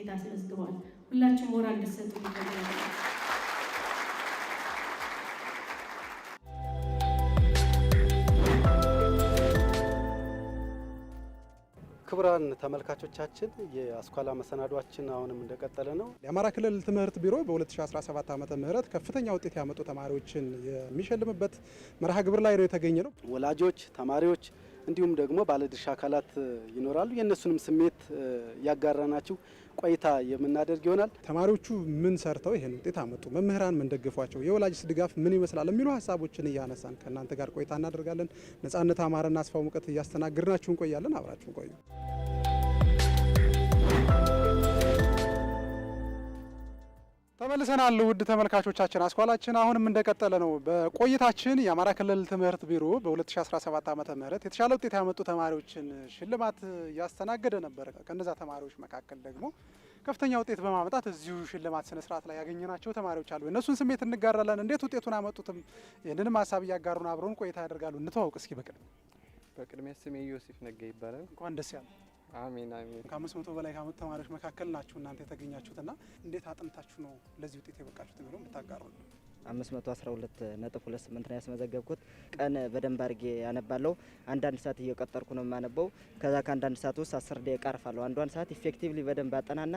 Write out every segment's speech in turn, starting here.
ስኬት አስመዝግበዋል። ሁላችሁም ሞራል እንድትሰጡ ይፈልጋል። ክቡራን ተመልካቾቻችን የአስኳላ መሰናዷችን አሁንም እንደቀጠለ ነው። የአማራ ክልል ትምህርት ቢሮ በ2017 ዓ ም ከፍተኛ ውጤት ያመጡ ተማሪዎችን የሚሸልምበት መርሃ ግብር ላይ ነው የተገኘ ነው። ወላጆች፣ ተማሪዎች እንዲሁም ደግሞ ባለድርሻ አካላት ይኖራሉ። የእነሱንም ስሜት ያጋራናችሁ ቆይታ የምናደርግ ይሆናል። ተማሪዎቹ ምን ሰርተው ይህን ውጤት አመጡ፣ መምህራን ምን ደግፏቸው፣ የወላጅስ ድጋፍ ምን ይመስላል የሚሉ ሀሳቦችን እያነሳን ከእናንተ ጋር ቆይታ እናደርጋለን። ነጻነት አማረና አስፋው ሙቀት እያስተናግድናችሁ እንቆያለን። አብራችሁ ቆዩ። ተመልሰናል ውድ ተመልካቾቻችን፣ አስኳላችን አሁንም እንደቀጠለ ነው። በቆይታችን የአማራ ክልል ትምህርት ቢሮ በ2017 ዓ ም የተሻለ ውጤት ያመጡ ተማሪዎችን ሽልማት እያስተናገደ ነበር። ከነዛ ተማሪዎች መካከል ደግሞ ከፍተኛ ውጤት በማምጣት እዚሁ ሽልማት ስነስርዓት ላይ ያገኘናቸው ተማሪዎች አሉ። እነሱን ስሜት እንጋራለን። እንዴት ውጤቱን አመጡትም ይህንንም ሀሳብ እያጋሩን አብረውን ቆይታ ያደርጋሉ። እንተዋውቅ እስኪ በቅድሚያ በቅድሚያ ስሜ ዮሴፍ ነጋ ይባላል። እንኳን ደስ ያለ አሜን አሜን። ከአምስት መቶ በላይ ካመጡ ተማሪዎች መካከል ናችሁ እናንተ የተገኛችሁትና እንዴት አጥንታችሁ ነው ለዚህ ውጤት የበቃችሁት የሚለውን ብታጋሩ። አምስት መቶ አስራ ሁለት ነጥብ ሁለት ስምንት ነው ያስመዘገብኩት። ቀን በደንብ አድርጌ ያነባለሁ። አንዳንድ ሰዓት እየቀጠርኩ ነው የማነበው። ከዛ ከአንዳንድ ሰዓት ውስጥ አስር ደቂቃ አርፋለሁ። አንዷን ሰዓት ኢፌክቲቭሊ በደንብ አጠናና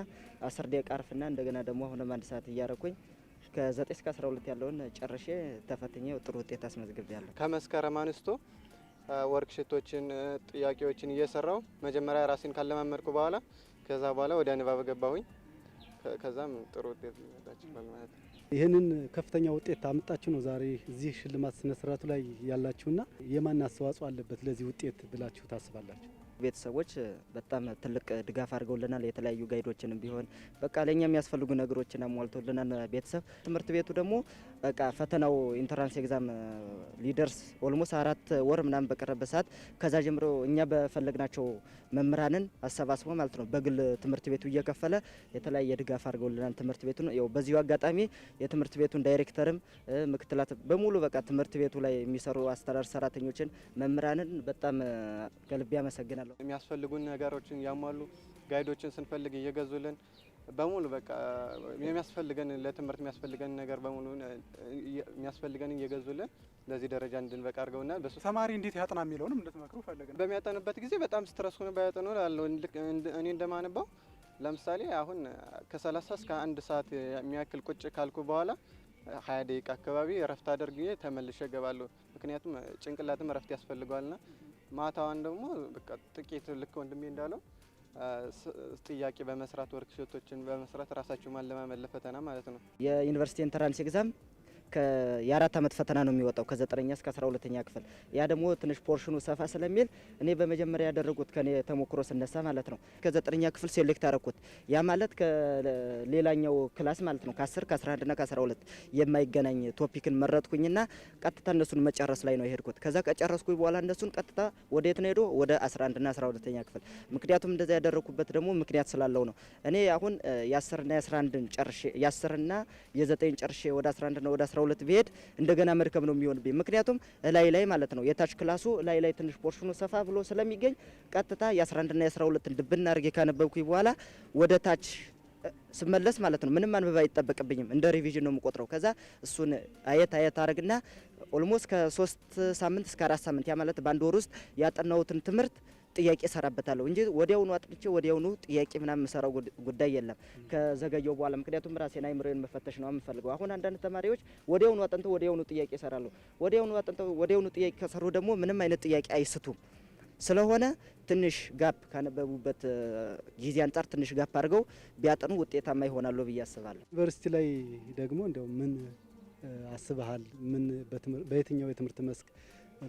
አስር ደቂቃ አርፍና እንደገና ደግሞ አሁንም አንድ ሰዓት እያረኩኝ ከ9 እስከ 12 ያለውን ጨርሼ ተፈትኜ ጥሩ ውጤት አስመዝግቤያለሁ። ከመስከረም አንስቶ ወርክሽቶችን ጥያቄዎችን እየሰራው መጀመሪያ ራሴን ካለማመድኩ በኋላ ከዛ በኋላ ወደ ንባብ ገባሁኝ። ከዛም ጥሩ ውጤት ይመጣችኋል ማለት ነው። ይህንን ከፍተኛ ውጤት አምጣችሁ ነው ዛሬ እዚህ ሽልማት ስነ ላይ ያላችሁና የማን አስተዋጽኦ አለበት ለዚህ ውጤት ብላችሁ ታስባላችሁ? ቤተሰቦች በጣም ትልቅ ድጋፍ አድርገውልናል። የተለያዩ ጋይዶችንም ቢሆን በቃ ለእኛ የሚያስፈልጉ ነገሮችን አሟልቶልናል። ቤተሰብ ትምህርት ቤቱ ደግሞ በቃ ፈተናው ኢንተራንስ ኤግዛም ሊደርስ ኦልሞስት አራት ወር ምናምን በቀረበት ሰዓት ከዛ ጀምሮ እኛ በፈለግናቸው መምህራንን አሰባስቦ ማለት ነው በግል ትምህርት ቤቱ እየከፈለ የተለያየ ድጋፍ አድርገውልናል። ትምህርት ቤቱ ነው በዚሁ አጋጣሚ የትምህርት ቤቱን ዳይሬክተርም ምክትላት በሙሉ በቃ ትምህርት ቤቱ ላይ የሚሰሩ አስተዳደር ሰራተኞችን መምህራንን በጣም ከልቤ አመሰግናለሁ። የሚያስፈልጉን ነገሮችን ያሟሉ ጋይዶችን ስንፈልግ እየገዙልን በሙሉ በቃ የሚያስፈልገን ለትምህርት የሚያስፈልገን ነገር በሙሉ የሚያስፈልገን እየገዙልን ለዚህ ደረጃ እንድንበቃ አድርገውና ተማሪ እንዴት ያጥና የሚለውንም እንድትመክሩ ፈልገን በሚያጠንበት ጊዜ በጣም ስትረስ ሆነ ባያጠኑ ላለው እኔ እንደማንባው ለምሳሌ አሁን ከሰላሳ እስከ አንድ ሰዓት የሚያክል ቁጭ ካልኩ በኋላ ሀያ ደቂቃ አካባቢ እረፍት አድርጌ ተመልሼ እገባለሁ። ምክንያቱም ጭንቅላትም እረፍት ያስፈልገዋልና ማታዋን ደግሞ በቃ ጥቂት ልክ ወንድሜ እንዳለው ጥያቄ በመስራት ወርክሾቶችን በመስራት ራሳችሁ ማለማመድ ለፈተና ማለት ነው። የዩኒቨርሲቲ ኢንተራንስ ኤግዛም የአራት ዓመት ፈተና ነው የሚወጣው ከዘጠነኛ እስከ 12ኛ ክፍል። ያ ደግሞ ትንሽ ፖርሽኑ ሰፋ ስለሚል እኔ በመጀመሪያ ያደረጉት ከኔ ተሞክሮ ስነሳ ማለት ነው ከዘጠነኛ ክፍል ሴሌክት አረኩት። ያ ማለት ከሌላኛው ክላስ ማለት ነው ከ10 ከ11 ና ከ12 የማይገናኝ ቶፒክን መረጥኩኝና ቀጥታ እነሱን መጨረስ ላይ ነው የሄድኩት። ከዛ ከጨረስኩኝ በኋላ እነሱን ቀጥታ ወደ የት ነው ሄዶ ወደ 11 ና 12ኛ ክፍል። ምክንያቱም እንደዛ ያደረኩበት ደግሞ ምክንያት ስላለው ነው። እኔ አሁን የ10 ና የ11 ጨርሼ የ10 ና የ9 ጨርሼ ወደ 11 ና ወደ 12 12 ብሄድ እንደገና መርከብ ነው የሚሆንብኝ። ምክንያቱም ላይ ላይ ማለት ነው የታች ክላሱ ላይ ላይ ትንሽ ፖርሽኑ ሰፋ ብሎ ስለሚገኝ ቀጥታ የ11ና የ12ን ድብና አድርጌ ካነበብኩኝ በኋላ ወደ ታች ስመለስ ማለት ነው ምንም አንብብ አይጠበቅብኝም። እንደ ሪቪዥን ነው የምቆጥረው። ከዛ እሱን አየት አየት አድርግና ኦልሞስት ከ3 ሳምንት እስከ አራት ሳምንት ያ ማለት በአንድ ወር ውስጥ ያጠናሁትን ትምህርት ጥያቄ እሰራበታለሁ እንጂ ወዲያውኑ አጥንቼ ወዲያውኑ ጥያቄ ምናምን የምሰራው ጉዳይ የለም ከዘገየው በኋላ። ምክንያቱም ራሴን አይምሮን መፈተሽ ነው የምፈልገው። አሁን አንዳንድ ተማሪዎች ወዲያውኑ አጥንተው ወዲያውኑ ጥያቄ ይሰራሉ። ወዲያውኑ አጥንተው ወዲያውኑ ጥያቄ ከሰሩ ደግሞ ምንም አይነት ጥያቄ አይስቱም። ስለሆነ ትንሽ ጋፕ ካነበቡበት ጊዜ አንጻር ትንሽ ጋፕ አድርገው ቢያጠኑ ውጤታማ ይሆናሉ ብዬ አስባለሁ። ዩኒቨርሲቲ ላይ ደግሞ እንደው ምን አስበሃል? ምን በየትኛው የትምህርት መስክ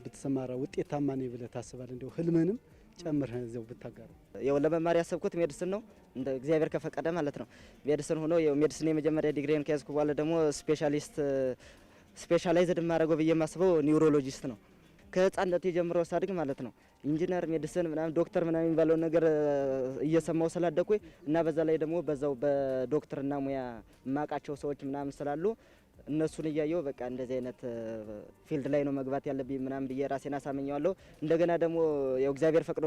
ብትሰማራ ውጤታማ ነኝ ብለህ ታስባለህ? እንደው ህልምንም ጨምርህ እዚያው ብታጋሩ። ያው ለመማር ያሰብኩት ሜድስን ነው እንደ እግዚአብሔር ከፈቀደ ማለት ነው። ሜድስን ሆኖ ያው ሜድስን የመጀመሪያ ዲግሪን ከያዝኩ በኋላ ደግሞ ስፔሻሊስት ስፔሻላይዝድ ማድረገው ብዬ የማስበው ኒውሮሎጂስት ነው። ከህፃነት የጀምሮ ሳድግ ማለት ነው ኢንጂነር ሜዲሲን ምናምን ዶክተር ምናምን የሚባለው ነገር እየሰማው ስላደኩ እና በዛ ላይ ደግሞ በዛው በዶክተርና ሙያ ማቃቸው ሰዎች ምናምን ስላሉ እነሱን እያየው በቃ እንደዚህ አይነት ፊልድ ላይ ነው መግባት ያለብኝ ምናምን ብዬ ራሴን አሳመኘዋለሁ። እንደገና ደግሞ ያው እግዚአብሔር ፈቅዶ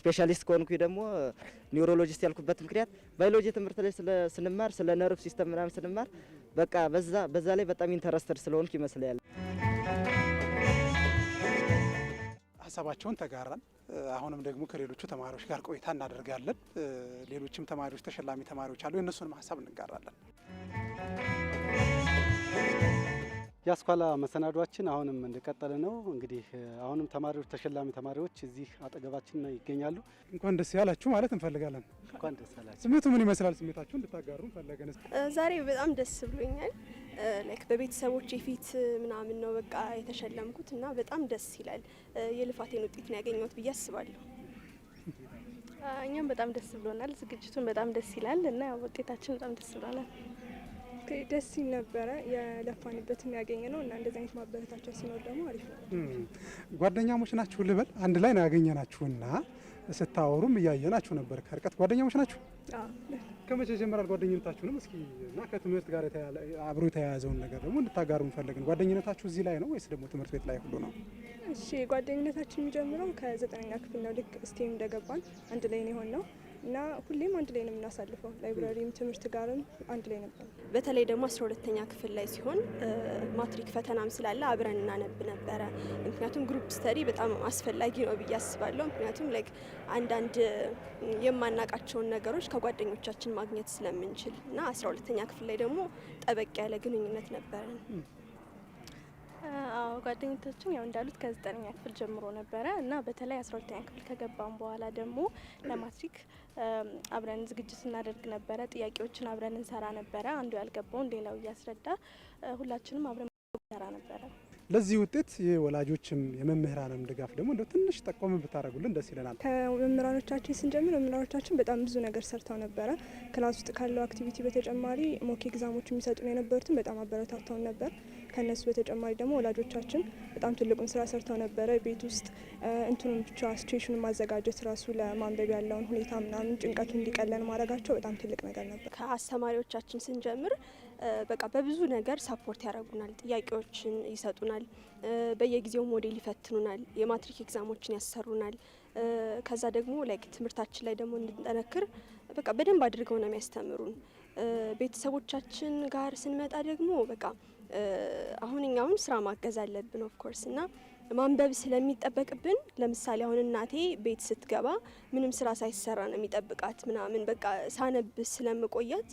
ስፔሻሊስት ከሆንኩ ደግሞ ኒውሮሎጂስት ያልኩበት ምክንያት ባዮሎጂ ትምህርት ላይ ስንማር ስለ ነርቭ ሲስተም ምናምን ስንማር በቃ በዛ በዛ ላይ በጣም ኢንተረስተድ ስለሆንኩ ይመስላል። ሀሳባቸውን ተጋራን። አሁንም ደግሞ ከሌሎቹ ተማሪዎች ጋር ቆይታ እናደርጋለን። ሌሎችም ተማሪዎች ተሸላሚ ተማሪዎች አሉ። የእነሱንም ሀሳብ እንጋራለን። የአስኳላ መሰናዷችን አሁንም እንደቀጠለ ነው። እንግዲህ አሁንም ተማሪዎች ተሸላሚ ተማሪዎች እዚህ አጠገባችን ይገኛሉ። እንኳን ደስ ያላችሁ ማለት እንፈልጋለን። እንኳን ደስ ያላችሁ። ስሜቱ ምን ይመስላል? ስሜታችሁ እንድታጋሩ እንፈልጋለን። ዛሬ በጣም ደስ ብሎኛል። ላይክ በቤተሰቦች ፊት ምናምን ነው በቃ የተሸለምኩት እና በጣም ደስ ይላል። የልፋቴን ውጤት ነው ያገኘሁት ብዬ አስባለሁ። እኛም በጣም ደስ ብሎናል። ዝግጅቱን በጣም ደስ ይላል እና ውጤታችን በጣም ደስ ብሎናል። ደስ ሲል ነበረ የለፋንበት የሚያገኝ ነው እና እንደዚህ አይነት ማበረታቻ ሲኖር ደግሞ አሪፍ ነው። ጓደኛሞች ናችሁ ልበል? አንድ ላይ ነው ያገኘናችሁና ስታወሩም እያየናችሁ ነበር ከርቀት ጓደኛሞች ናችሁ? ከመቼ ጀምራል ጓደኝነታችሁንም? እስኪ እና ከትምህርት ጋር አብሮ የተያያዘውን ነገር ደግሞ እንድታጋሩ እንፈልግን። ጓደኝነታችሁ እዚህ ላይ ነው ወይስ ደግሞ ትምህርት ቤት ላይ ሁሉ ነው? እሺ ጓደኝነታችን የሚጀምረው ከዘጠነኛ ክፍል ነው። ልክ እስቴም እንደገባን አንድ ላይ ነው የሆን ነው እና ሁሌም አንድ ላይ ነው የምናሳልፈው። ላይብራሪም ትምህርት ጋርም አንድ ላይ ነበር። በተለይ ደግሞ አስራ ሁለተኛ ክፍል ላይ ሲሆን ማትሪክ ፈተናም ስላለ አብረን እናነብ ነበረ። ምክንያቱም ግሩፕ ስተዲ በጣም አስፈላጊ ነው ብዬ አስባለሁ። ምክንያቱም ላይክ አንዳንድ የማናቃቸውን ነገሮች ከጓደኞቻችን ማግኘት ስለምንችል እና አስራ ሁለተኛ ክፍል ላይ ደግሞ ጠበቅ ያለ ግንኙነት ነበረን። አዎ ጓደኞቻችን ያው እንዳሉት ከዘጠነኛ ክፍል ጀምሮ ነበረ እና በተለይ አስራ ሁለተኛ ክፍል ከገባም በኋላ ደግሞ ለማትሪክ አብረን ዝግጅት እናደርግ ነበረ። ጥያቄዎችን አብረን እንሰራ ነበረ። አንዱ ያልገባውን ሌላው እያስረዳ ሁላችንም አብረን እንሰራ ነበረ። ለዚህ ውጤት የወላጆችም የመምህራንም ድጋፍ ደግሞ እንደ ትንሽ ጠቆም ብታደርጉልን ደስ ይለናል። ከመምህራኖቻችን ስንጀምር መምህራኖቻችን በጣም ብዙ ነገር ሰርተው ነበረ። ክላስ ውስጥ ካለው አክቲቪቲ በተጨማሪ ሞክ ኤግዛሞች ነው የነበሩትን በጣም አበረታተውን ነበር። ከነሱ በተጨማሪ ደግሞ ወላጆቻችን በጣም ትልቁን ስራ ሰርተው ነበረ። ቤት ውስጥ እንትኑን ብቻ ሲቹዌሽኑን ማዘጋጀት ራሱ ለማንበብ ያለውን ሁኔታ ምናምን ጭንቀቱ እንዲቀለን ማድረጋቸው በጣም ትልቅ ነገር ነበር። ከአስተማሪዎቻችን ስንጀምር በቃ በብዙ ነገር ሳፖርት ያደርጉናል። ጥያቄዎችን ይሰጡናል። በየጊዜው ሞዴል ይፈትኑናል። የማትሪክ ኤግዛሞችን ያሰሩናል። ከዛ ደግሞ ላይክ ትምህርታችን ላይ ደግሞ እንድንጠነክር በቃ በደንብ አድርገው ነው የሚያስተምሩን። ቤተሰቦቻችን ጋር ስንመጣ ደግሞ በቃ አሁን አሁን ስራ ማገዝ አለብን ኦፍኮርስ እና ማንበብ ስለሚጠበቅብን ለምሳሌ አሁን እናቴ ቤት ስትገባ ምንም ስራ ሳይሰራ ነው የሚጠብቃት ምናምን በቃ ሳነብ ስለምቆያት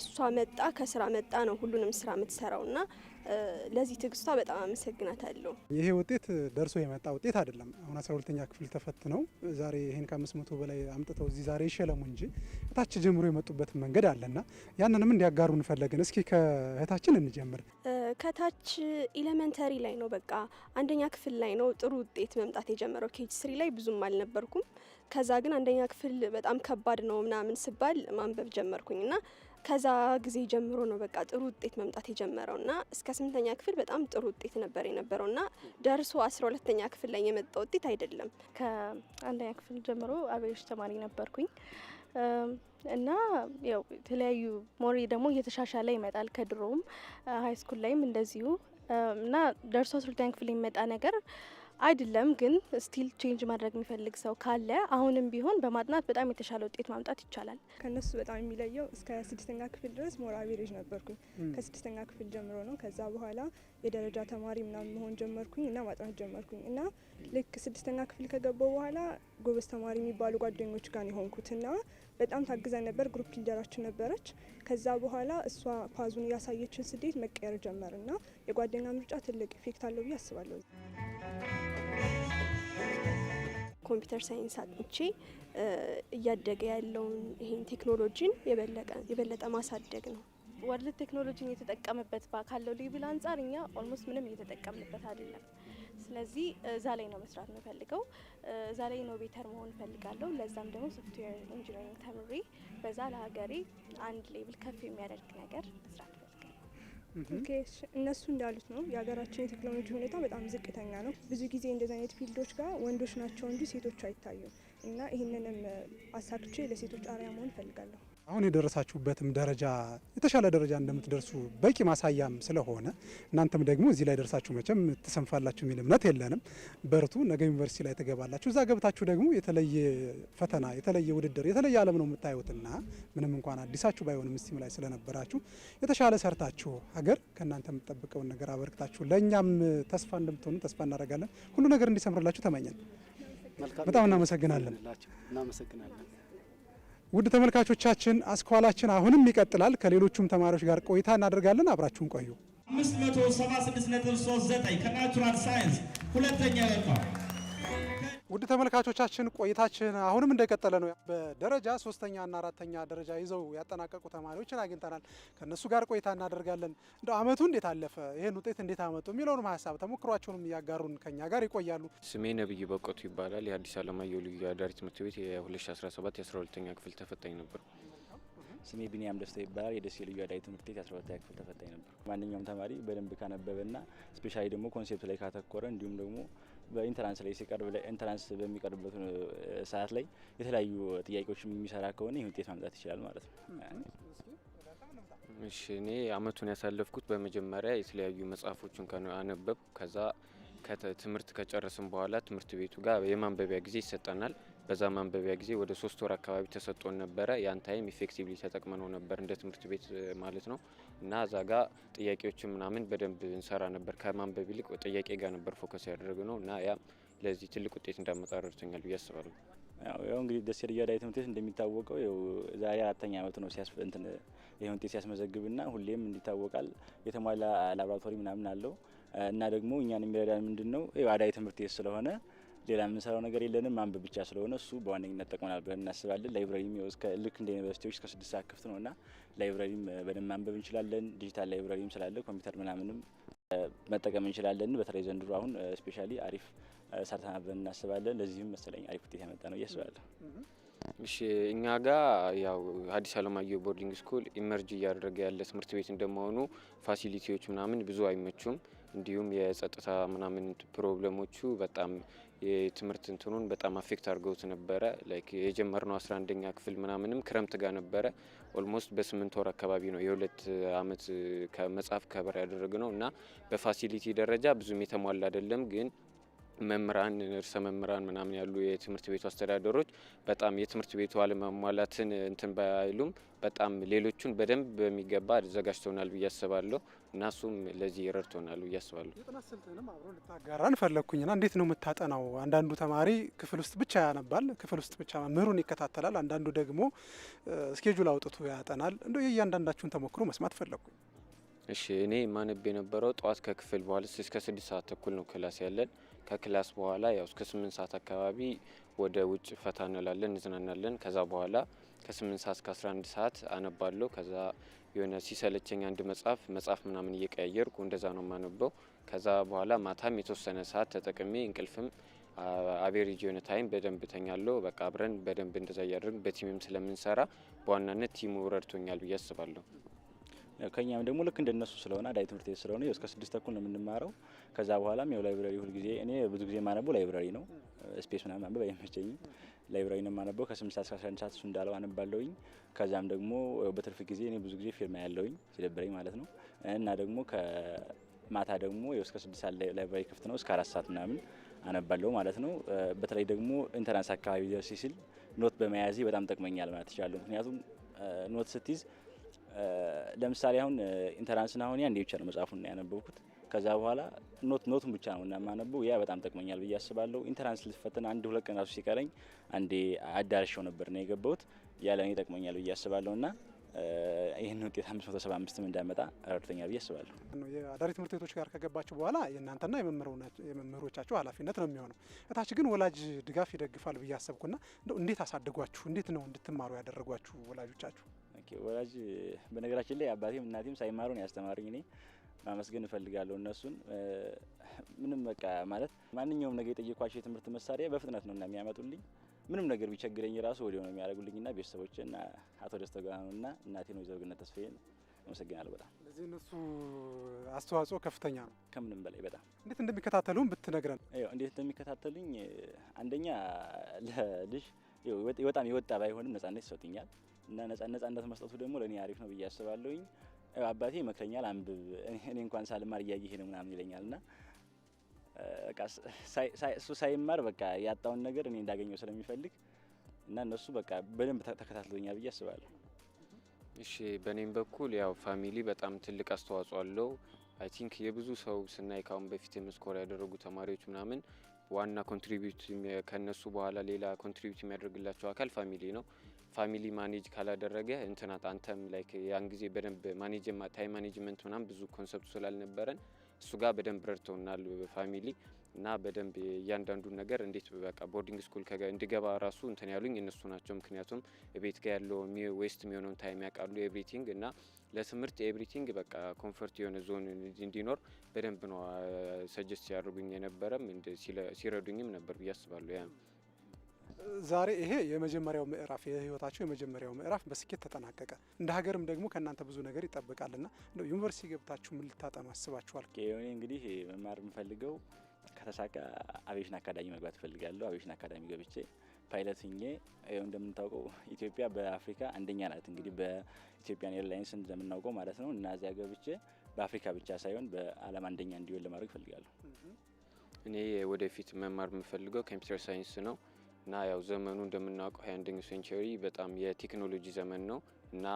እሷ መጣ ከስራ መጣ ነው ሁሉንም ስራ የምትሰራው እና ለዚህ ትግስቷ በጣም አመሰግናታለሁ። ይሄ ውጤት ደርሶ የመጣ ውጤት አይደለም። አሁን አስራ ሁለተኛ ክፍል ተፈትነው ዛሬ ይህን ከአምስት መቶ በላይ አምጥተው እዚህ ዛሬ ይሸለሙ እንጂ እታች ጀምሮ የመጡበት መንገድ አለና ያንንም እንዲያጋሩ እንፈለግን። እስኪ ከእህታችን እንጀምር። ከታች ኢሌመንተሪ ላይ ነው በቃ አንደኛ ክፍል ላይ ነው ጥሩ ውጤት መምጣት የጀመረው። ኬጅ ስሪ ላይ ብዙም አልነበርኩም። ከዛ ግን አንደኛ ክፍል በጣም ከባድ ነው ምናምን ስባል ማንበብ ጀመርኩኝ እና ከዛ ጊዜ ጀምሮ ነው በቃ ጥሩ ውጤት መምጣት የጀመረው እና እስከ ስምንተኛ ክፍል በጣም ጥሩ ውጤት ነበር የነበረው እና ደርሶ አስራ ሁለተኛ ክፍል ላይ የመጣ ውጤት አይደለም። ከአንደኛ ክፍል ጀምሮ አበሬጅ ተማሪ ነበርኩኝ እና ያው የተለያዩ ሞሪ ደግሞ እየተሻሻለ ይመጣል ከድሮውም ሀይ ስኩል ላይም እንደዚሁ እና ደርሶ አስራ ሁለተኛ ክፍል የሚመጣ ነገር አይደለም ግን ስቲል ቼንጅ ማድረግ የሚፈልግ ሰው ካለ አሁንም ቢሆን በማጥናት በጣም የተሻለ ውጤት ማምጣት ይቻላል። ከነሱ በጣም የሚለየው እስከ ስድስተኛ ክፍል ድረስ ሞር አቬሬጅ ነበርኩኝ። ከስድስተኛ ክፍል ጀምሮ ነው። ከዛ በኋላ የደረጃ ተማሪ ምናምን መሆን ጀመርኩኝ እና ማጥናት ጀመርኩኝ እና ልክ ስድስተኛ ክፍል ከገባው በኋላ ጎበዝ ተማሪ የሚባሉ ጓደኞች ጋር የሆንኩት እና በጣም ታግዘን ነበር። ግሩፕ ሊደራችን ነበረች። ከዛ በኋላ እሷ ፓዙን እያሳየችን ስዴት መቀየር ጀመር እና የጓደኛ ምርጫ ትልቅ ኢፌክት አለው ብዬ አስባለሁ። ኮምፒውተር ሳይንስ አጥንቼ እያደገ ያለውን ይህን ቴክኖሎጂን የበለጠ ማሳደግ ነው። ወርልድ ቴክኖሎጂን የተጠቀምበት ካለው ሌቪል አንጻር እኛ ኦልሞስት ምንም እየተጠቀምንበት አይደለም። ስለዚህ እዛ ላይ ነው መስራት የምፈልገው፣ እዛ ላይ ኢኖቬተር መሆን እፈልጋለሁ። ለዛም ደግሞ ሶፍትዌር ኢንጂነሪንግ ተምሬ በዛ ለሀገሬ አንድ ሌቭል ከፍ የሚያደርግ ነገር መስራት እፈልጋለሁ። እነሱ እንዳሉት ነው። የሀገራችን የቴክኖሎጂ ሁኔታ በጣም ዝቅተኛ ነው። ብዙ ጊዜ እንደዚህ አይነት ፊልዶች ጋር ወንዶች ናቸው እንጂ ሴቶች አይታዩም እና ይህንንም አሳክቼ ለሴቶች አሪያ መሆን እፈልጋለሁ። አሁን የደረሳችሁበትም ደረጃ የተሻለ ደረጃ እንደምትደርሱ በቂ ማሳያም ስለሆነ እናንተም ደግሞ እዚህ ላይ ደርሳችሁ መቼም ትሰንፋላችሁ የሚል እምነት የለንም። በርቱ። ነገ ዩኒቨርሲቲ ላይ ትገባላችሁ። እዛ ገብታችሁ ደግሞ የተለየ ፈተና፣ የተለየ ውድድር፣ የተለየ ዓለም ነው የምታዩትና ምንም እንኳን አዲሳችሁ ባይሆንም ስቲም ላይ ስለነበራችሁ የተሻለ ሰርታችሁ ሀገር ከእናንተ የምትጠብቀውን ነገር አበርክታችሁ ለእኛም ተስፋ እንደምትሆኑ ተስፋ እናደርጋለን። ሁሉ ነገር እንዲሰምርላችሁ ተመኘን። በጣም እናመሰግናለን። እናመሰግናለን። ውድ ተመልካቾቻችን አስኳላችን አሁንም ይቀጥላል። ከሌሎቹም ተማሪዎች ጋር ቆይታ እናደርጋለን። አብራችሁን ቆዩ። 576.39 ከናቹራል ሳይንስ ሁለተኛ ውድ ተመልካቾቻችን ቆይታችን አሁንም እንደቀጠለ ነው። በደረጃ ሶስተኛና አራተኛ ደረጃ ይዘው ያጠናቀቁ ተማሪዎችን አግኝተናል። ከእነሱ ጋር ቆይታ እናደርጋለን። እንደ አመቱ እንዴት አለፈ፣ ይህን ውጤት እንዴት አመጡ የሚለውንም ሀሳብ ተሞክሯቸውንም እያጋሩን ከኛ ጋር ይቆያሉ። ስሜ ነብይ በቆቱ ይባላል። የአዲስ አለማየሁ ልዩ አዳሪ ትምህርት ቤት የ2017 የ12ኛ ክፍል ተፈታኝ ነበር። ስሜ ቢኒያም ደስታ ይባላል። የደሴ ልዩ አዳሪ ትምህርት ቤት የ12ኛ ክፍል ተፈታኝ ነበር። ማንኛውም ተማሪ በደንብ ካነበበና ስፔሻሊ ደግሞ ኮንሴፕት ላይ ካተኮረ እንዲሁም ደግሞ በኢንትራንስ ላይ ሲቀርብ ኢንትራንስ በሚቀርብበት ሰዓት ላይ የተለያዩ ጥያቄዎች የሚሰራ ከሆነ ይህ ውጤት ማምጣት ይችላል ማለት ነው። እሺ እኔ አመቱን ያሳለፍኩት በመጀመሪያ የተለያዩ መጽሐፎችን አነበብ ከዛ ትምህርት ከጨረስን በኋላ ትምህርት ቤቱ ጋር የማንበቢያ ጊዜ ይሰጠናል። በዛ ማንበቢያ ጊዜ ወደ ሶስት ወር አካባቢ ተሰጥቶን ነበረ። ያን ታይም ኢፌክቲቭሊ ተጠቅመነው ነበር እንደ ትምህርት ቤት ማለት ነው። እና እዛ ጋ ጥያቄዎችን ምናምን በደንብ እንሰራ ነበር። ከማንበብ ይልቅ ጥያቄ ጋር ነበር ፎከስ ያደረግ ነው እና ያ ለዚህ ትልቅ ውጤት እንዳመጣ ረድቶኛል ብዬ አስባለሁ። ያው እንግዲህ ደሴ ልዩ አዳሪ ትምህርት ቤት እንደሚታወቀው ዛሬ አራተኛ ዓመቱ ነው ይህን ውጤት ሲያስመዘግብና ሁሌም እንዲታወቃል የተሟላ ላቦራቶሪ ምናምን አለው እና ደግሞ እኛን የሚረዳን ምንድን ነው አዳሪ ትምህርት ቤት ስለሆነ ሌላ የምንሰራው ነገር የለንም። ማንበብ ብቻ ስለሆነ እሱ በዋነኝነት ጠቅመናል ብለን እናስባለን። ላይብራሪም ልክ እንደ ዩኒቨርሲቲዎች እስከ ስድስት ሰዓት ክፍት ነው እና ላይብራሪም በደንብ ማንበብ እንችላለን። ዲጂታል ላይብራሪም ስላለ ኮምፒውተር ምናምንም መጠቀም እንችላለን። በተለይ ዘንድሮ አሁን ስፔሻሊ አሪፍ ሰርተና ብለን እናስባለን። ለዚህም መሰለኝ አሪፍ ውጤት ያመጣ ነው እያስባለሁ። እሺ እኛ ጋር ያው አዲስ ዓለማየሁ ቦርዲንግ ስኩል ኢመርጅ እያደረገ ያለ ትምህርት ቤት እንደመሆኑ ፋሲሊቲዎች ምናምን ብዙ አይመቹም። እንዲሁም የጸጥታ ምናምን ፕሮብለሞቹ በጣም የትምህርት እንትኑን በጣም አፌክት አድርገውት ነበረ። ላይክ የጀመርነው አስራ አንደኛ ክፍል ምናምንም ክረምት ጋር ነበረ። ኦልሞስት በስምንት ወር አካባቢ ነው የሁለት አመት ከመጽሐፍ ከበር ነው እና በፋሲሊቲ ደረጃ ብዙም የተሟላ አይደለም ግን መምህራን እርሰ መምህራን ምናምን ያሉ የትምህርት ቤቱ አስተዳደሮች በጣም የትምህርት ቤቱ አለመሟላትን እንትን ባይሉም በጣም ሌሎቹን በደንብ በሚገባ አዘጋጅተውናል ብዬ አስባለሁ እና እሱም ለዚህ ረድቶናል ብዬ አስባለሁ። የጥናት ስልትንም አብሮ ልታጋራን ፈለግኩኝና እንዴት ነው የምታጠናው? አንዳንዱ ተማሪ ክፍል ውስጥ ብቻ ያነባል፣ ክፍል ውስጥ ብቻ መምህሩን ይከታተላል። አንዳንዱ ደግሞ ስኬጁል አውጥቶ ያጠናል። እንደ የእያንዳንዳችሁን ተሞክሮ መስማት ፈለግኩኝ። እሺ እኔ ማነብ የነበረው ጠዋት ከክፍል በኋላ እስከ ስድስት ሰዓት ተኩል ነው ክላስ ያለን ከክላስ በኋላ ያው እስከ ስምንት ሰዓት አካባቢ ወደ ውጭ ፈታ እንላለን፣ እንዝናናለን። ከዛ በኋላ ከስምንት ሰዓት እስከ አስራ አንድ ሰዓት አነባለሁ። ከዛ የሆነ ሲሰለቸኝ አንድ መጽሐፍ መጽሐፍ ምናምን እየቀያየርኩ እንደዛ ነው የማነበው። ከዛ በኋላ ማታም የተወሰነ ሰዓት ተጠቅሜ እንቅልፍም አቬሬጅ የሆነ ታይም በደንብ ተኛለሁ። በቃ አብረን በደንብ እንደዛ እያደረግን በቲምም ስለምንሰራ በዋናነት ቲሙ ረድቶኛል ብዬ አስባለሁ። ከኛም ደግሞ ልክ እንደነሱ ስለሆነ አዳይ ትምህርት ቤት ስለሆነ እስከ ስድስት ተኩል ነው የምንማረው። ከዛ በኋላም ያው ላይብራሪ ሁልጊዜ እኔ ብዙ ጊዜ የማነበው ላይብራሪ ነው። ስፔስ ምናምን ማንበብ አይመቸኝም። ላይብራሪ ነው የማነበው ከስምንት ሰዓት እስከ አስራ አንድ ሰዓት እሱ እንዳለው አነባለሁኝ። ከዛም ደግሞ በትርፍ ጊዜ እኔ ብዙ ጊዜ ፊልም ያለውኝ ሲደብረኝ ማለት ነው እና ደግሞ ከማታ ደግሞ እስከ ስድስት ሰዓት ላይብራሪ ክፍት ነው። እስከ አራት ሰዓት ምናምን አነባለው ማለት ነው። በተለይ ደግሞ ኢንተራንስ አካባቢ ደርስ ሲል ኖት በመያዜ በጣም ጠቅመኛል ማለት ይችላለሁ። ምክንያቱም ኖት ስትይዝ ለምሳሌ አሁን ኢንተራንስን አሁን አንዴ ብቻ ነው መጽሐፉን ያነበብኩት። ከዛ በኋላ ኖት ኖቱን ብቻ ነው እናማነበው። ያ በጣም ጠቅመኛል ብዬ አስባለሁ። ኢንተራንስ ልፈተን አንድ ሁለት ቀን ራሱ ሲቀረኝ አንዴ አዳርሸው ነበር ነው የገባሁት። ያ ለእኔ ጠቅመኛል ብዬ አስባለሁ እና ይህን ውጤት 575ም እንዳመጣ ረድቶኛል ብዬ አስባለሁ። አዳሪ ትምህርት ቤቶች ጋር ከገባችሁ በኋላ የእናንተና የመምህሮቻችሁ ኃላፊነት ነው የሚሆነው። እታች ግን ወላጅ ድጋፍ ይደግፋል ብዬ አሰብኩና እንዴት አሳድጓችሁ እንዴት ነው እንድትማሩ ያደረጓችሁ ወላጆቻችሁ? ወላጅ በነገራችን ላይ አባቴም እናቴም ሳይማሩ ነው ያስተማሩኝ። እኔ ማመስገን እፈልጋለሁ እነሱን። ምንም በቃ ማለት ማንኛውም ነገር የጠየኳቸው የትምህርት መሳሪያ በፍጥነት ነው እና የሚያመጡልኝ ምንም ነገር ቢቸግረኝ ራሱ ወዲያው ነው የሚያደርጉልኝ። ና ቤተሰቦች ና አቶ ደስተ ጋኑ እናቴ ነው የዘውግነት ተስፋዬን አመሰግናለሁ በጣም ለዚህ እነሱ አስተዋጽኦ ከፍተኛ ነው ከምንም በላይ በጣም እንዴት እንደሚከታተሉም ብትነግረን እንዴት እንደሚከታተሉኝ አንደኛ ለልጅ በጣም የወጣ ባይሆንም ነጻነት ይሰጡኛል እና ነጻነት መስጠቱ ደግሞ ለእኔ አሪፍ ነው ብዬ አስባለሁኝ። አባቴ ይመክረኛል፣ አንብብ እኔ እንኳን ሳልማር እያየህ ነው ምናምን ይለኛል እና እሱ ሳይማር በቃ ያጣውን ነገር እኔ እንዳገኘው ስለሚፈልግ እና እነሱ በቃ በደንብ ተከታትሎኛል ብዬ አስባለሁ። እሺ በእኔም በኩል ያው ፋሚሊ በጣም ትልቅ አስተዋጽኦ አለው። አይ ቲንክ የብዙ ሰው ስናይ ካሁን በፊት የመስኮር ያደረጉ ተማሪዎች ምናምን ዋና ኮንትሪቢዩት ከነሱ በኋላ ሌላ ኮንትሪቢዩት የሚያደርግላቸው አካል ፋሚሊ ነው። ፋሚሊ ማኔጅ ካላደረገ እንትናት አንተም ላይክ ያን ጊዜ በደንብ ማኔጅ ታይም ማኔጅመንት ምናም ብዙ ኮንሰፕት ስላልነበረን እሱ ጋር በደንብ ረድተውናል ፋሚሊ እና በደንብ እያንዳንዱን ነገር እንዴት በቃ ቦርዲንግ ስኩል እንድገባ ራሱ እንትን ያሉኝ እነሱ ናቸው። ምክንያቱም ቤት ጋር ያለው ዌስት የሚሆነውን ታይም ያውቃሉ ኤቭሪቲንግ እና ለትምህርት ኤቭሪቲንግ በቃ ኮንፈርት የሆነ ዞን እንዲኖር በደንብ ነው ሰጀስት ያደርጉኝ የነበረም ሲረዱኝም ነበር ብዬ አስባለሁ ያ ዛሬ ይሄ የመጀመሪያው ምዕራፍ የህይወታቸው የመጀመሪያው ምዕራፍ በስኬት ተጠናቀቀ። እንደ ሀገርም ደግሞ ከእናንተ ብዙ ነገር ይጠብቃልና እንደው ዩኒቨርሲቲ ገብታችሁ ምን ልታጠኑ አስባችኋል? ኔ እንግዲህ መማር የምፈልገው ከተሳካ አቪዬሽን አካዳሚ መግባት እፈልጋለሁ። አቪዬሽን አካዳሚ ገብቼ ፓይለት ው እንደምታውቀው ኢትዮጵያ በአፍሪካ አንደኛ ናት። እንግዲህ በኢትዮጵያን ኤርላይንስ እንደምናውቀው ማለት ነው እና እዚያ ገብቼ በአፍሪካ ብቻ ሳይሆን በዓለም አንደኛ እንዲሆን ለማድረግ እፈልጋለሁ። እኔ ወደፊት መማር የምፈልገው ኮምፒውተር ሳይንስ ነው። እና ያው ዘመኑ እንደምናውቀው ሀያ አንደኛው ሴንቸሪ በጣም የቴክኖሎጂ ዘመን ነው እና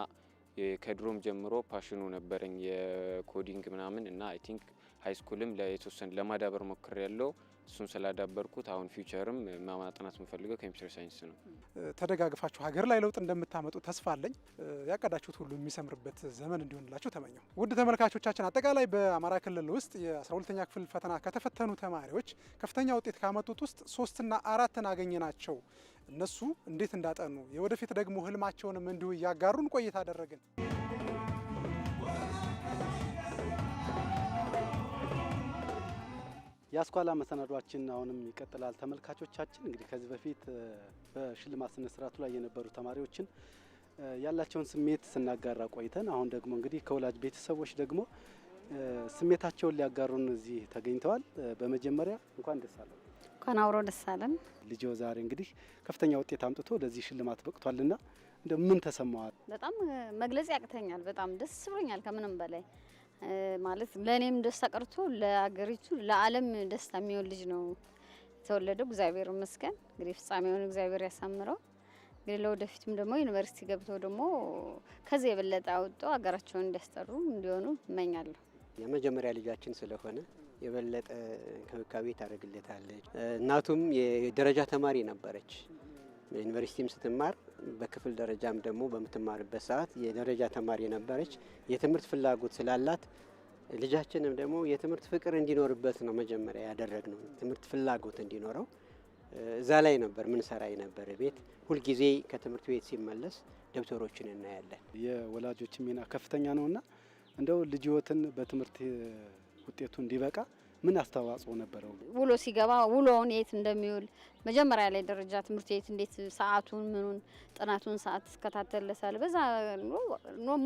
ከድሮም ጀምሮ ፓሽኑ ነበረኝ የኮዲንግ ምናምን እና አይ ቲንክ ሀይ ስኩልም የተወሰነ ለማዳበር ሞክሬ ያለው እሱን ስላዳበርኩት አሁን ፊውቸርም ማጥናት የምፈልገው ኮምፒውተር ሳይንስ ነው። ተደጋግፋችሁ ሀገር ላይ ለውጥ እንደምታመጡ ተስፋ አለኝ። ያቀዳችሁት ሁሉ የሚሰምርበት ዘመን እንዲሆንላችሁ ተመኘው። ውድ ተመልካቾቻችን አጠቃላይ በአማራ ክልል ውስጥ የ12ኛ ክፍል ፈተና ከተፈተኑ ተማሪዎች ከፍተኛ ውጤት ካመጡት ውስጥ ሶስትና አራትን አገኘ ናቸው። እነሱ እንዴት እንዳጠኑ የወደፊት ደግሞ ህልማቸውንም እንዲሁ እያጋሩን ቆይታ አደረግን። የአስኳላ መሰናዷችን አሁንም ይቀጥላል። ተመልካቾቻችን እንግዲህ ከዚህ በፊት በሽልማት ስነ ስርዓቱ ላይ የነበሩ ተማሪዎችን ያላቸውን ስሜት ስናጋራ ቆይተን አሁን ደግሞ እንግዲህ ከወላጅ ቤተሰቦች ደግሞ ስሜታቸውን ሊያጋሩን እዚህ ተገኝተዋል። በመጀመሪያ እንኳን ደስ አለን። እንኳን አብሮ ደስ አለን። ልጆ ዛሬ እንግዲህ ከፍተኛ ውጤት አምጥቶ ለዚህ ሽልማት በቅቷልና እንደ ምን ተሰማዋል? በጣም መግለጽ ያቅተኛል። በጣም ደስ ብሎኛል ከምንም በላይ ማለት ለእኔም ደስታ ቀርቶ ለአገሪቱ ለዓለም ደስታ የሚሆን ልጅ ነው የተወለደው። እግዚአብሔር ይመስገን። እንግዲህ ፍጻሜውን እግዚአብሔር ያሳምረው። እንግዲህ ለወደፊትም ደግሞ ዩኒቨርሲቲ ገብተው ደግሞ ከዚህ የበለጠ አውጥተው ሀገራቸውን እንዲያስጠሩ እንዲሆኑ እመኛለሁ። የመጀመሪያ ልጃችን ስለሆነ የበለጠ እንክብካቤ ታደርግለታለች። እናቱም የደረጃ ተማሪ ነበረች። ዩኒቨርሲቲም ስትማር በክፍል ደረጃም ደግሞ በምትማርበት ሰዓት የደረጃ ተማሪ ነበረች። የትምህርት ፍላጎት ስላላት ልጃችንም ደግሞ የትምህርት ፍቅር እንዲኖርበት ነው መጀመሪያ ያደረግነው። ትምህርት ፍላጎት እንዲኖረው እዛ ላይ ነበር ምን ሰራ የነበረ ቤት ሁልጊዜ ከትምህርት ቤት ሲመለስ ደብተሮችን እናያለን። የወላጆች ሚና ከፍተኛ ነውና እንደው ልጅ በትምህርት ውጤቱ እንዲበቃ ምን አስተዋጽኦ ነበረው? ውሎ ሲገባ ውሎውን የት እንደሚውል መጀመሪያ ላይ ደረጃ ትምህርት ቤት እንዴት ሰዓቱን ምኑን ጥናቱን ሰዓት ትከታተለሳል። በዛ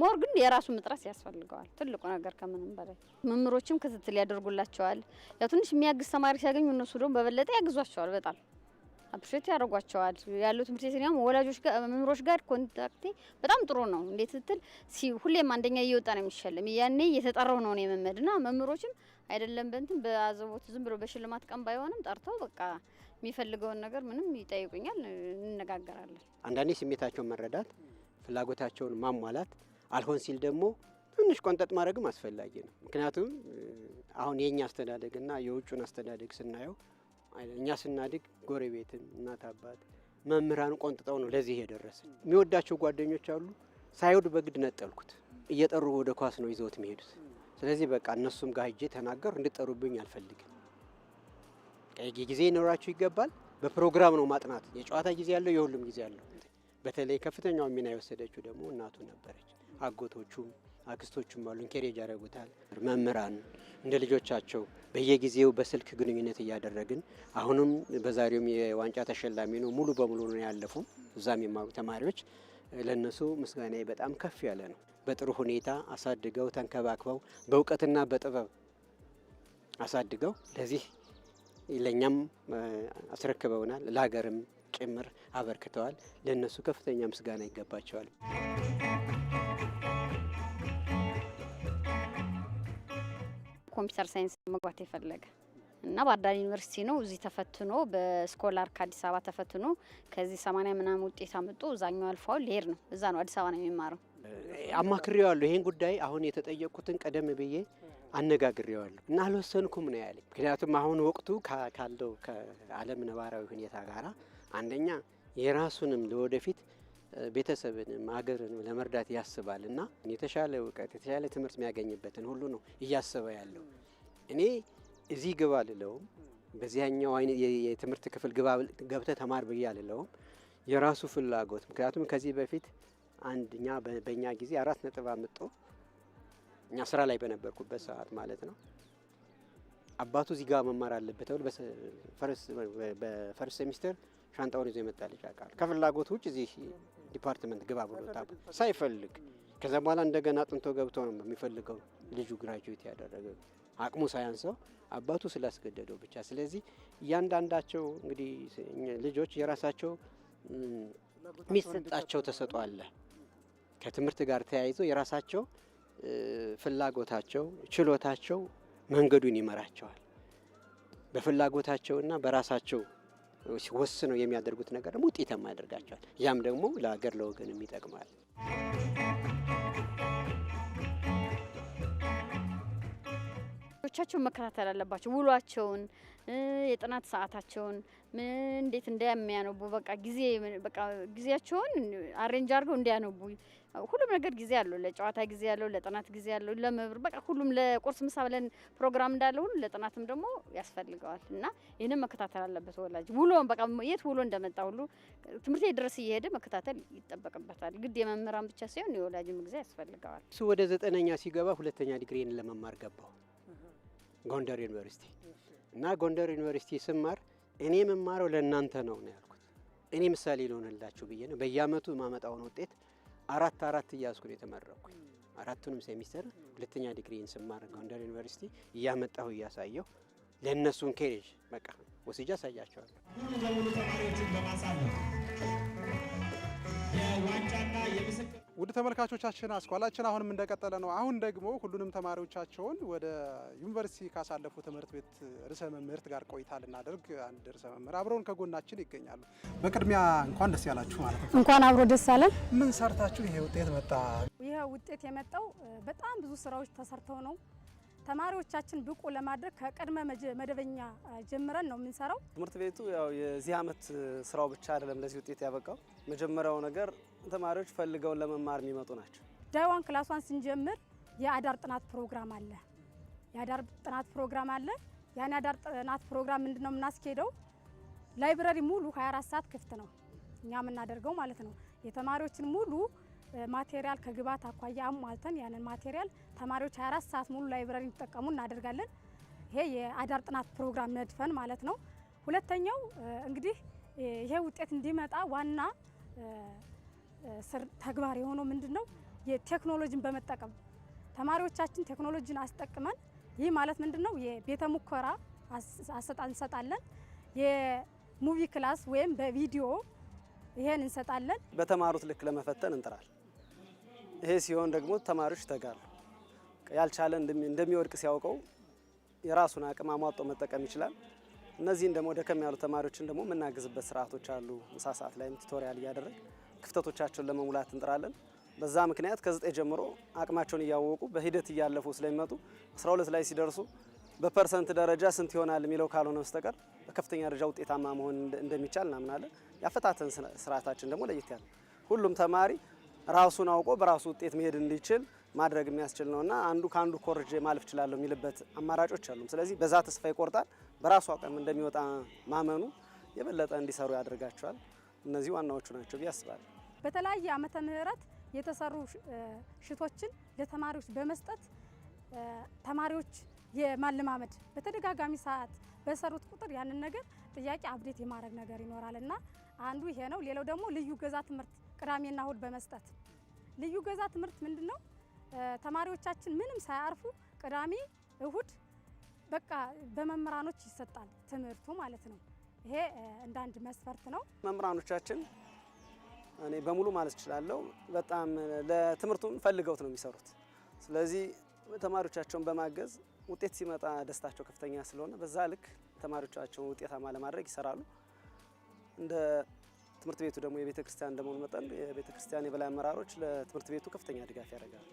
ሞር ግን የራሱ መጥራት ያስፈልገዋል። ትልቁ ነገር ከምንም በላይ መምህሮችም ክትትል ያደርጉላቸዋል። ያው ትንሽ የሚያግዝ ተማሪ ሲያገኙ እነሱ ደግሞ በበለጠ ያግዟቸዋል በጣም አፕሪሼት ያደርጓቸዋል ያለው ትምህርት ቤት ነው። ወላጆች ጋር መምህሮች ጋር ኮንታክቴ በጣም ጥሩ ነው። እንዴት ስትል ሁሌም አንደኛ እየወጣ ነው የሚሸለም። ያኔ እየተጠራው ነው ነው የመመድና መምህሮችም አይደለም በእንትን በአዘቦት ዝም ብሎ በሽልማት ቀን ባይሆንም ጠርተው በቃ የሚፈልገውን ነገር ምንም ይጠይቁኛል፣ እንነጋገራለን። አንዳንዴ ስሜታቸውን መረዳት፣ ፍላጎታቸውን ማሟላት፣ አልሆን ሲል ደግሞ ትንሽ ቆንጠጥ ማድረግም አስፈላጊ ነው። ምክንያቱም አሁን የእኛ አስተዳደግና የውጩን አስተዳደግ ስናየው እኛ ስናድግ ጎረቤትም፣ እናት አባት፣ መምህራን ቆንጥጠው ነው ለዚህ የደረስን። የሚወዳቸው ጓደኞች አሉ። ሳይወድ በግድ ነጠልኩት። እየጠሩ ወደ ኳስ ነው ይዘውት የሚሄዱት። ስለዚህ በቃ እነሱም ጋር ሂጄ ተናገሩ። እንድጠሩብኝ አልፈልግም። ጊዜ ይኖራችሁ ይገባል። በፕሮግራም ነው ማጥናት። የጨዋታ ጊዜ ያለው የሁሉም ጊዜ ያለው። በተለይ ከፍተኛው ሚና የወሰደችው ደግሞ እናቱ ነበረች። አጎቶቹም አክስቶቹም አሉ ኬሬጅ ያደረጉታል። መምህራን እንደ ልጆቻቸው በየጊዜው በስልክ ግንኙነት እያደረግን አሁንም በዛሬውም የዋንጫ ተሸላሚ ነው ሙሉ በሙሉ ነው ያለፉ እዛም የማወቅ ተማሪዎች ለእነሱ ምስጋና በጣም ከፍ ያለ ነው። በጥሩ ሁኔታ አሳድገው ተንከባክበው በእውቀትና በጥበብ አሳድገው ለዚህ ለእኛም አስረክበውናል። ለሀገርም ጭምር አበርክተዋል። ለእነሱ ከፍተኛ ምስጋና ይገባቸዋል። ኮምፒውተር ሳይንስ መግባት የፈለገ እና ባህር ዳር ዩኒቨርሲቲ ነው እዚህ ተፈትኖ በስኮላር ከአዲስ አበባ ተፈትኖ ከዚህ 80 ምናምን ውጤት አመጡ። እዛኛው አልፋው ሊሄድ ነው። እዛ ነው አዲስ አበባ ነው የሚማረው። አማክሬዋለሁ ይሄን ጉዳይ አሁን የተጠየቁትን ቀደም ብዬ አነጋግሬዋለሁ እና አልወሰንኩም ነው ያለኝ። ምክንያቱም አሁን ወቅቱ ካለው ከዓለም ነባራዊ ሁኔታ ጋራ አንደኛ የራሱንም ለወደፊት ቤተሰብንም አገርንም ለመርዳት ያስባል እና የተሻለ እውቀት የተሻለ ትምህርት የሚያገኝበትን ሁሉ ነው እያሰበ ያለው። እኔ እዚህ ግባ ልለውም በዚያኛው አይነት የትምህርት ክፍል ግባ ገብተ ተማር ብዬ አልለውም። የራሱ ፍላጎት ምክንያቱም ከዚህ በፊት አንድኛ በእኛ ጊዜ አራት ነጥብ አምጦ እኛ ስራ ላይ በነበርኩበት ሰዓት ማለት ነው አባቱ እዚህ ጋር መማር አለበት ተብሎ በፈርስት ሴሚስተር ሻንጣውን ይዞ የመጣ ልጅ አውቃለሁ። ከፍላጎት ውጭ እዚህ ዲፓርትመንት ግባ ብሎታ ሳይፈልግ ከዛ በኋላ እንደገና አጥንቶ ገብቶ ነው የሚፈልገው ልጁ ግራጁዌት ያደረገ አቅሙ ሳያንሰው አባቱ ስላስገደደው ብቻ። ስለዚህ እያንዳንዳቸው እንግዲህ ልጆች የራሳቸው የሚሰጣቸው ተሰጥኦ አለ። ከትምህርት ጋር ተያይዞ የራሳቸው ፍላጎታቸው፣ ችሎታቸው መንገዱን ይመራቸዋል። በፍላጎታቸውና በራሳቸው ወስነው የሚያደርጉት ነገር ደግሞ ውጤታማ ያደርጋቸዋል። ያም ደግሞ ለሀገር ለወገንም ይጠቅማል። ልጆቻቸውን መከታተል አለባቸው። ውሏቸውን፣ የጥናት ሰዓታቸውን እንዴት እንደሚያነቡ በቃ ጊዜ በቃ ጊዜያቸውን አሬንጅ አድርገው እንዲያነቡ። ሁሉም ነገር ጊዜ አለው፣ ለጨዋታ ጊዜ አለው፣ ለጥናት ጊዜ አለው፣ ለመብር በቃ ሁሉም ለቁርስ ምሳ ብለን ፕሮግራም እንዳለ ሁሉ ለጥናትም ደግሞ ያስፈልገዋል እና ይህንን መከታተል አለበት ወላጅ። ውሎን በቃ የት ውሎ እንደመጣ ሁሉ ትምህርት ቤት ድረስ እየሄደ መከታተል ይጠበቅበታል። ግድ የመምህራን ብቻ ሳይሆን የወላጅም ጊዜ ያስፈልገዋል። እሱ ወደ ዘጠነኛ ሲገባ ሁለተኛ ዲግሪን ለመማር ገባው። ጎንደር ዩኒቨርሲቲ እና ጎንደር ዩኒቨርሲቲ ስማር እኔ የምማረው ለእናንተ ነው ነው ያልኩት። እኔ ምሳሌ ልሆንላችሁ ብዬ ነው በየአመቱ የማመጣውን ውጤት አራት አራት እያስኩ ነው የተመረኩኝ። አራቱንም ሴሚስተር ሁለተኛ ዲግሪን ስማር ጎንደር ዩኒቨርሲቲ እያመጣሁ እያሳየሁ ለእነሱ እንኬሬጅ በቃ ወስጃ አሳያቸዋለሁ። ሙሉ በሙሉ ተማሪዎችን በማሳለፍ የዋንጫና የምስክር ውድ ተመልካቾቻችን አስኳላችን አሁንም እንደቀጠለ ነው። አሁን ደግሞ ሁሉንም ተማሪዎቻቸውን ወደ ዩኒቨርሲቲ ካሳለፉ ትምህርት ቤት ርዕሰ መምህርት ጋር ቆይታ ልናደርግ አንድ ርዕሰ መምህር አብረውን ከጎናችን ይገኛሉ። በቅድሚያ እንኳን ደስ ያላችሁ ማለት ነው። እንኳን አብሮ ደስ አለን። ምን ሰርታችሁ ይሄ ውጤት መጣ? ይሄ ውጤት የመጣው በጣም ብዙ ስራዎች ተሰርተው ነው ተማሪዎቻችን ብቁ ለማድረግ ከቅድመ መደበኛ ጀምረን ነው የምንሰራው። ትምህርት ቤቱ ያው የዚህ ዓመት ስራው ብቻ አይደለም ለዚህ ውጤት ያበቃው። መጀመሪያው ነገር ተማሪዎች ፈልገውን ለመማር የሚመጡ ናቸው። ዳይዋን ክላሷን ስንጀምር የአዳር ጥናት ፕሮግራም አለ። የአዳር ጥናት ፕሮግራም አለ። ያን የአዳር ጥናት ፕሮግራም ምንድነው የምናስኬደው? ላይብረሪ ሙሉ 24 ሰዓት ክፍት ነው እኛ የምናደርገው ማለት ነው የተማሪዎችን ሙሉ ማቴሪያል ከግብዓት አኳያ አሟልተን ያንን ማቴሪያል ተማሪዎች 24 ሰዓት ሙሉ ላይብረሪ እንዲጠቀሙ እናደርጋለን። ይሄ የአዳር ጥናት ፕሮግራም ነድፈን ማለት ነው። ሁለተኛው እንግዲህ ይሄ ውጤት እንዲመጣ ዋና ስር ተግባር የሆነው ምንድን ነው? የቴክኖሎጂን በመጠቀም ተማሪዎቻችን ቴክኖሎጂን አስጠቅመን ይህ ማለት ምንድን ነው? የቤተ ሙከራ አሰጣን እንሰጣለን። የሙቪ ክላስ ወይም በቪዲዮ ይሄን እንሰጣለን። በተማሩት ልክ ለመፈተን እንጥራል። ይሄ ሲሆን ደግሞ ተማሪዎች ይተጋሉ። ያልቻለ እንደሚወድቅ ሲያውቀው የራሱን አቅም አሟጦ መጠቀም ይችላል። እነዚህን ደግሞ ደከም ያሉ ተማሪዎችን ደግሞ የምናግዝበት ስርዓቶች አሉ። ምሳ ሰዓት ላይም ቱቶሪያል እያደረግ ክፍተቶቻቸውን ለመሙላት እንጥራለን። በዛ ምክንያት ከዘጠኝ ጀምሮ አቅማቸውን እያወቁ በሂደት እያለፉ ስለሚመጡ 12 ላይ ሲደርሱ በፐርሰንት ደረጃ ስንት ይሆናል የሚለው ካልሆነ በስተቀር በከፍተኛ ደረጃ ውጤታማ መሆን እንደሚቻል እናምናለን። ያፈታተን ስርዓታችን ደግሞ ለየት ያለ ሁሉም ተማሪ ራሱን አውቆ በራሱ ውጤት መሄድ እንዲችል ማድረግ የሚያስችል ነውና አንዱ ከአንዱ ኮርጅ ማለፍ ይችላለሁ የሚልበት አማራጮች አሉ። ስለዚህ በዛ ተስፋ ይቆርጣል፣ በራሱ አቅም እንደሚወጣ ማመኑ የበለጠ እንዲሰሩ ያደርጋቸዋል። እነዚህ ዋናዎቹ ናቸው ብዬ አስባለሁ። በተለያየ ዓመተ ምህረት የተሰሩ ሽቶችን ለተማሪዎች በመስጠት ተማሪዎች የማለማመድ በተደጋጋሚ ሰዓት በሰሩት ቁጥር ያንን ነገር ጥያቄ አብዴት የማድረግ ነገር ይኖራል እና አንዱ ይሄ ነው። ሌላው ደግሞ ልዩ ገዛ ትምህርት ቅዳሜና እሁድ በመስጠት ልዩ ገዛ ትምህርት ምንድን ነው? ተማሪዎቻችን ምንም ሳያርፉ ቅዳሜ እሁድ በቃ በመምህራኖች ይሰጣል ትምህርቱ ማለት ነው። ይሄ እንደ አንድ መስፈርት ነው። መምህራኖቻችን እኔ በሙሉ ማለት እችላለሁ በጣም ለትምህርቱም ፈልገውት ነው የሚሰሩት። ስለዚህ ተማሪዎቻቸውን በማገዝ ውጤት ሲመጣ ደስታቸው ከፍተኛ ስለሆነ በዛ ልክ ተማሪዎቻቸውን ውጤታማ ለማድረግ ይሰራሉ እንደ ትምህርት ቤቱ ደግሞ የቤተ ክርስቲያን እንደመሆኑ መጠን የቤተ ክርስቲያን የበላይ አመራሮች ለትምህርት ቤቱ ከፍተኛ ድጋፍ ያደርጋል።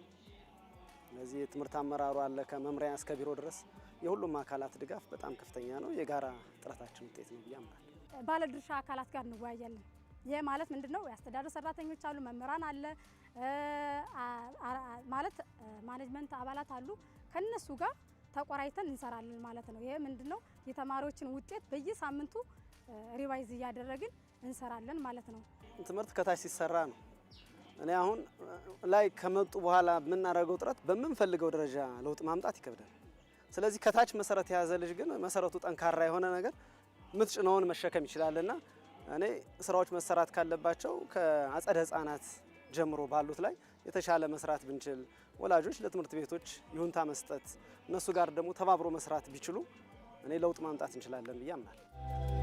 ስለዚህ የትምህርት አመራሩ አለ ከመምሪያ እስከ ቢሮ ድረስ የሁሉም አካላት ድጋፍ በጣም ከፍተኛ ነው። የጋራ ጥረታችን ውጤት ነው ብዬ አምናለሁ። ባለድርሻ አካላት ጋር እንወያያለን። ይህ ማለት ምንድን ነው? የአስተዳደር ሰራተኞች አሉ፣ መምህራን አለ ማለት ማኔጅመንት አባላት አሉ። ከነሱ ጋር ተቆራይተን እንሰራለን ማለት ነው። ይህ ምንድን ነው? የተማሪዎችን ውጤት በየሳምንቱ ሪቫይዝ እያደረግን እንሰራለን ማለት ነው። ትምህርት ከታች ሲሰራ ነው። እኔ አሁን ላይ ከመጡ በኋላ የምናደርገው ጥረት በምንፈልገው ደረጃ ለውጥ ማምጣት ይከብዳል። ስለዚህ ከታች መሰረት የያዘ ልጅ ግን መሰረቱ ጠንካራ የሆነ ነገር ምትጭነውን መሸከም ይችላልና እኔ ስራዎች መሰራት ካለባቸው ከአጸደ ህጻናት ጀምሮ ባሉት ላይ የተሻለ መስራት ብንችል፣ ወላጆች ለትምህርት ቤቶች ይሁንታ መስጠት፣ እነሱ ጋር ደግሞ ተባብሮ መስራት ቢችሉ እኔ ለውጥ ማምጣት እንችላለን ብዬ አምናለሁ።